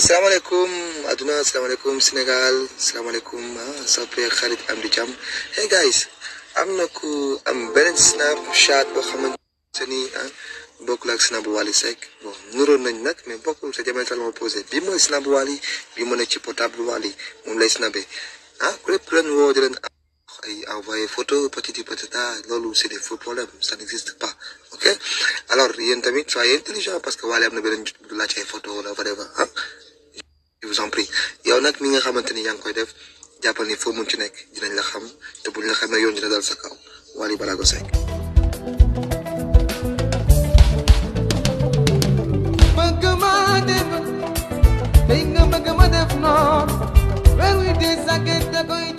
asalaamaaleykum adduna asalaamaaleykum Sénégal asalaamaaleykum soppe xarit am di jàmm hey guys am na ku am beneen Snapchat boo xamante ni ah bokkul ak Snap bu Wally Seck bon nuróon nañ nag mais bokkul sa jamono tal moo posé bi mooy Snap bu bi mu ci portable Wally moom lay snapé ah ku lépp ku leen woo di leen ay envoyé photo patiti patata loolu c'est des faux problèmes ça n'existe pas ok alors yéen tamit soyez intelligent parce que Wally am na beneen laaj ay photo wala whatever ah vous en prie yow nag mi nga xamante ni yaa ngi koy def jàppal ni foo mun ci nekk dinañ la xam te buñ la xamee yoon dina dal sa kaw Wally Ballago bëgg ma def noonu weer wi dee sàkket